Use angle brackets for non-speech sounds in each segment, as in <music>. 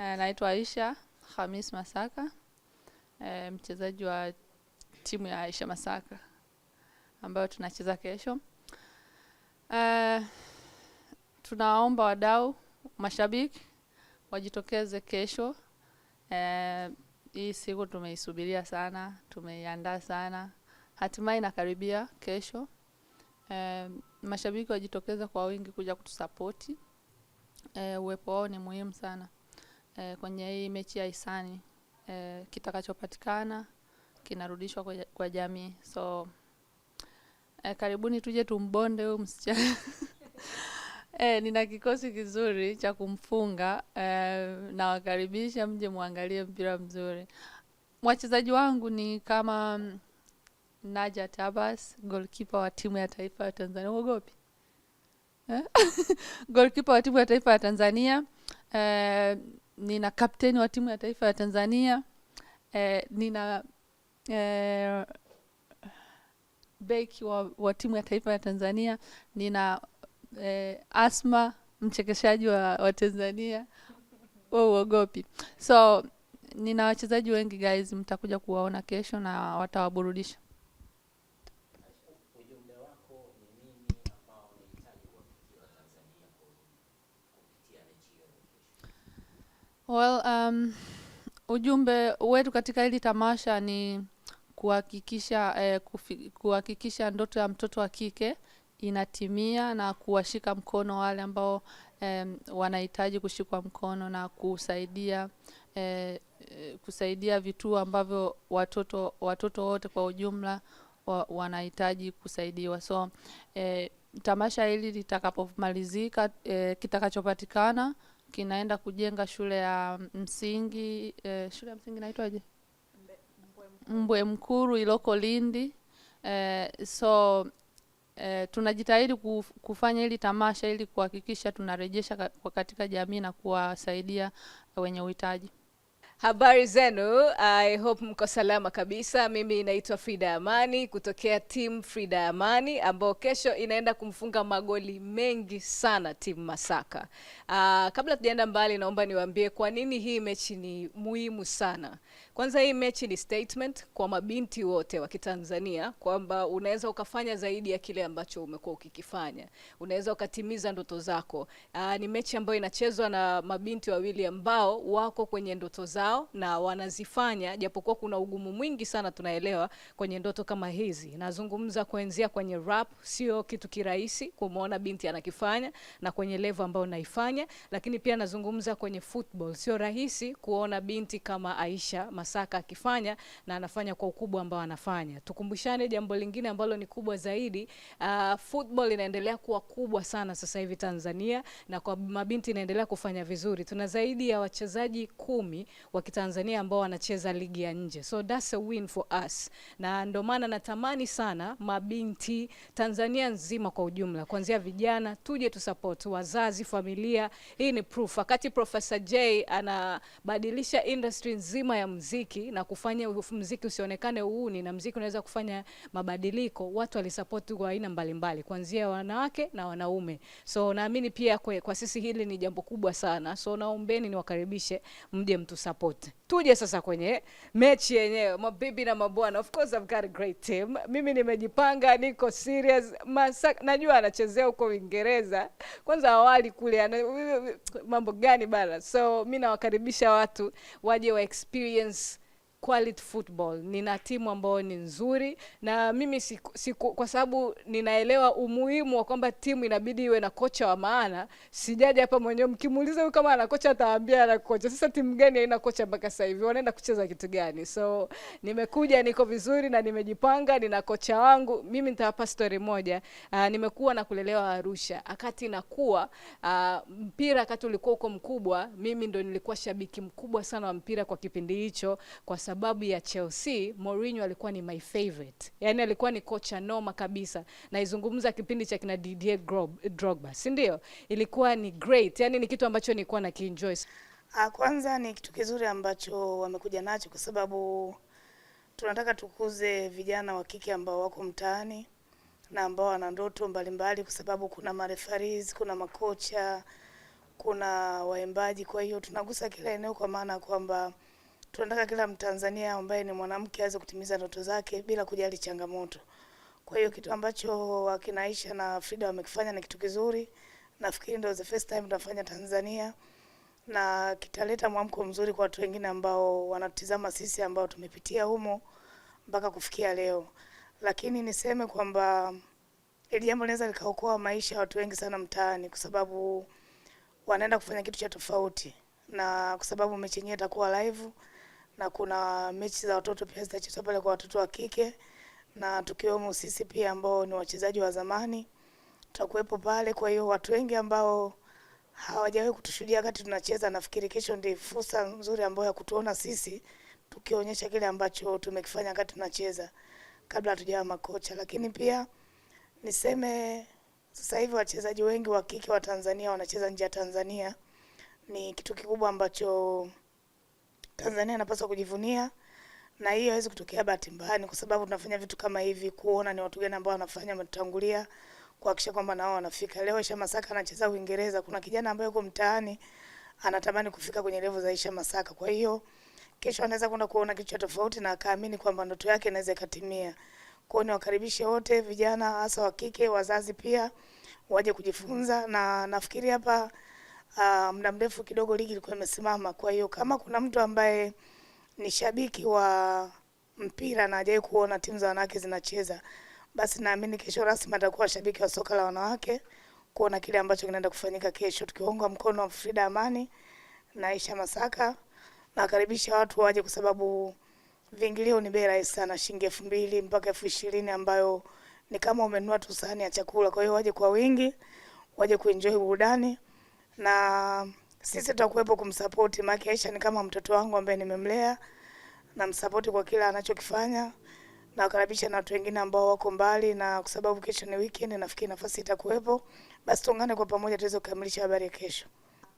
Eh, naitwa Aisha Hamis Masaka, eh, mchezaji wa timu ya Aisha Masaka ambayo tunacheza kesho. E, tunaomba wadau, mashabiki wajitokeze kesho. hii siku tumeisubiria sana, tumeiandaa sana, hatimaye inakaribia kesho. mashabiki wajitokeze kwa wingi kuja kutusapoti. uwepo wao ni muhimu sana e, kwenye hii mechi ya hisani e, kitakachopatikana kinarudishwa kwa, kwa jamii so e, karibuni tuje tumbonde huyu msichana <laughs> E, nina kikosi kizuri cha kumfunga e, nawakaribisha mje muangalie mpira mzuri. Wachezaji wangu ni kama mm, Naja Tabas, goalkeeper wa timu ya taifa ya Tanzania. Uogopi eh? <laughs> goalkeeper wa timu ya taifa ya Tanzania nina kapteni wa timu ya taifa ya Tanzania eh, nina eh, beki wa, wa timu ya taifa ya Tanzania nina eh, Asma mchekeshaji wa, wa Tanzania wa uogopi. So nina wachezaji wengi guys, mtakuja kuwaona kesho na watawaburudisha. Well, um, ujumbe wetu katika hili tamasha ni kuhakikisha eh, kuhakikisha ndoto ya mtoto wa kike inatimia na kuwashika mkono wale ambao eh, wanahitaji kushikwa mkono na kusaidia eh, kusaidia vituo ambavyo watoto watoto wote kwa ujumla wa, wanahitaji kusaidiwa. So eh, tamasha hili litakapomalizika, eh, kitakachopatikana kinaenda kujenga shule ya msingi eh, shule ya msingi inaitwaje? Mbwe Mkuru iloko Lindi. Eh, so eh, tunajitahidi kufanya hili tamasha ili kuhakikisha tunarejesha katika jamii na kuwasaidia wenye uhitaji. Habari zenu, I hope mko salama kabisa. Mimi naitwa Frida Amani kutokea timu Frida Amani ambao kesho inaenda kumfunga magoli mengi sana timu Masaka. Uh, kabla tujaenda mbali, naomba niwaambie kwa nini hii mechi ni muhimu sana. Kwanza, hii mechi ni statement kwa mabinti wote wa Kitanzania kwamba unaweza ukafanya zaidi ya kile ambacho umekuwa ukikifanya, unaweza ukatimiza ndoto zako. Uh, ni mechi ambayo inachezwa na mabinti wawili ambao wako kwenye ndoto zao zao na wanazifanya, japokuwa kuna ugumu mwingi sana tunaelewa kwenye ndoto kama hizi. Nazungumza kuanzia kwenye rap, sio kitu kirahisi kumwona binti anakifanya na kwenye level ambayo naifanya, lakini pia nazungumza kwenye football, sio rahisi kuona binti kama Aisha Masaka akifanya na anafanya kwa ukubwa ambao anafanya. Tukumbushane jambo lingine ambalo ni kubwa zaidi, uh, football inaendelea kuwa kubwa sana sasa hivi Tanzania na kwa mabinti inaendelea kufanya vizuri. Tuna zaidi ya wachezaji kumi wa wa Kitanzania ambao wanacheza ligi ya nje, so that's a win for us, na ndio maana natamani sana mabinti Tanzania nzima kwa ujumla, kuanzia vijana, tuje tusupport wazazi, familia. Hii ni proof. Wakati Professor j anabadilisha industry nzima ya mziki na kufanya mziki usionekane uuni na mziki unaweza kufanya mabadiliko, watu walisupport kwa aina mbalimbali, kuanzia wanawake na wanaume, so naamini pia kwe, kwa sisi hili ni jambo kubwa sana, so naombeni niwakaribishe mje mtusupport tofauti. Tuje sasa kwenye mechi yenyewe, mabibi na mabwana. Of course I've got a great team. Mimi nimejipanga, niko serious. Masak, najua anachezea huko Uingereza. Kwanza awali kule ana, mambo gani bana? So mimi nawakaribisha watu waje wa experience quality football, nina timu ambayo ni nzuri, na mimi siku, siku, kwa sababu ninaelewa umuhimu wa kwamba timu inabidi iwe na kocha wa maana. Sijaja hapa mwenyewe, mkimuuliza huyu kama ana kocha ataambia ana kocha. Sasa timu gani haina kocha mpaka sasa hivi? Wanaenda kucheza kitu gani? So nimekuja niko vizuri na nimejipanga, nina kocha wangu. Mimi nitawapa story moja. Uh, nimekuwa na kulelewa Arusha, akati nakuwa uh, mpira akati ulikuwa uko mkubwa, mimi ndo nilikuwa shabiki mkubwa sana wa mpira kwa kipindi hicho kwa sababu ya Chelsea, Mourinho alikuwa ni my favorite, yaani alikuwa ni kocha noma kabisa. Naizungumza kipindi cha kina Didier Drogba, si ndio? Ilikuwa ni great, yaani ni kitu ambacho nilikuwa na kienjoy. Ah, kwanza ni kitu kizuri ambacho wamekuja nacho, kwa sababu tunataka tukuze vijana wa kike ambao wako mtaani na ambao wana ndoto mbalimbali, kwa sababu kuna marefaris, kuna makocha, kuna waimbaji. Kwa hiyo tunagusa kila eneo, kwa maana ya kwamba tunataka kila Mtanzania ambaye ni mwanamke aweze kutimiza ndoto zake bila kujali changamoto. Kwa hiyo kitu ambacho wakina Aisha na Frida wamekifanya ni kitu kizuri, nafikiri ndio the first time tunafanya Tanzania, na kitaleta mwamko mzuri kwa watu wengine ambao wanatizama sisi ambao tumepitia humo mpaka kufikia leo. Lakini niseme kwamba ili jambo linaweza likaokoa maisha ya watu wengi sana mtaani, kwa sababu wanaenda kufanya kitu cha tofauti, na kwa sababu mechi yenyewe itakuwa live na kuna mechi za watoto pia zitachezwa pale kwa watoto wa kike, na tukiwemo sisi pia ambao ni wachezaji wa zamani tutakuwepo pale. Kwa hiyo watu wengi ambao hawajawahi kutushuhudia wakati tunacheza, nafikiri kesho ndio fursa nzuri ambayo ya kutuona sisi tukionyesha kile ambacho tumekifanya wakati tunacheza kabla hatujawa makocha. Lakini pia niseme sasa hivi wachezaji wengi wa kike wa Tanzania wanacheza nje ya Tanzania, ni kitu kikubwa ambacho Tanzania anapaswa kujivunia na hii haiwezi kutokea bahati mbaya, ni kwa sababu tunafanya vitu kama hivi kuona ni watu gani ambao wanafanya matangulia kuhakikisha kwamba nao wanafika. Leo Aisha Masaka anacheza Uingereza, kuna kijana ambaye yuko mtaani anatamani kufika kwenye levo za Aisha Masaka. Kwa hiyo kesho anaweza kwenda kuona kitu tofauti na akaamini kwamba ndoto yake inaweza ikatimia. Kwa hiyo niwakaribishe wote vijana, hasa wa kike, wazazi pia waje kujifunza, na nafikiri hapa uh, muda mrefu kidogo ligi ilikuwa imesimama. Kwa hiyo kama kuna mtu ambaye ni shabiki wa mpira na hajawahi kuona timu za wanawake zinacheza, basi naamini kesho rasmi atakuwa shabiki wa soka la wanawake kuona kile ambacho kinaenda kufanyika kesho, tukiunga mkono wa Frida Amani na Aisha Masaka. Nakaribisha watu waje kwa sababu viingilio ni bei rahisi sana, shilingi elfu mbili mpaka elfu ishirini ambayo ni kama umenunua tu sahani ya chakula. Kwa hiyo waje kwa wingi, waje kuenjoy burudani na sisi tutakuwepo kumsapoti Maki Aisha ni kama mtoto wangu ambaye nimemlea na kwa kila anachokifanya na na watu wengine ambao wako mbali, na kwa sababu kesho ni weekend, nafikiri nafasi itakuwepo. Basi tuungane kwa pamoja tuweze kukamilisha habari ya kesho.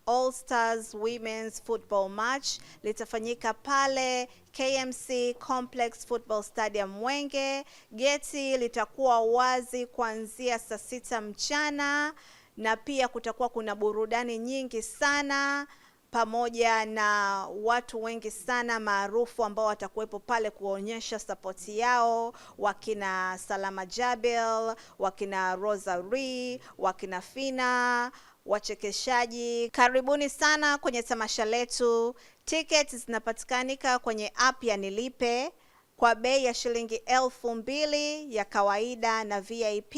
All Stars Women's Football Match litafanyika pale KMC Complex Football Stadium Mwenge. Geti litakuwa wazi kuanzia saa sita mchana na pia kutakuwa kuna burudani nyingi sana pamoja na watu wengi sana maarufu ambao watakuwepo pale kuonyesha sapoti yao, wakina Salama Jabel, wakina Rosary, wakina Fina, wachekeshaji. Karibuni sana kwenye tamasha letu. Tiketi zinapatikanika kwenye app ya Nilipe kwa bei ya shilingi elfu mbili ya kawaida na VIP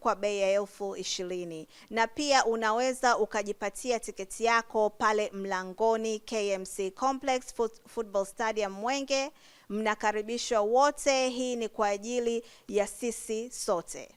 kwa bei ya elfu ishirini na pia unaweza ukajipatia tiketi yako pale mlangoni KMC Complex Football Stadium Mwenge. Mnakaribishwa wote, hii ni kwa ajili ya sisi sote.